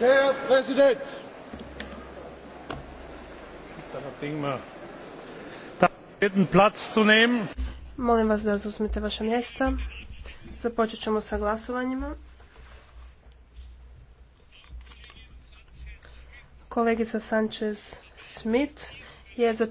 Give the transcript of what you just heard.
Herr Präsident! Molim vas da zauzmete vaše mjesta. Započet ćemo sa glasovanjima. Kolegica Sanchez Smith je zatražila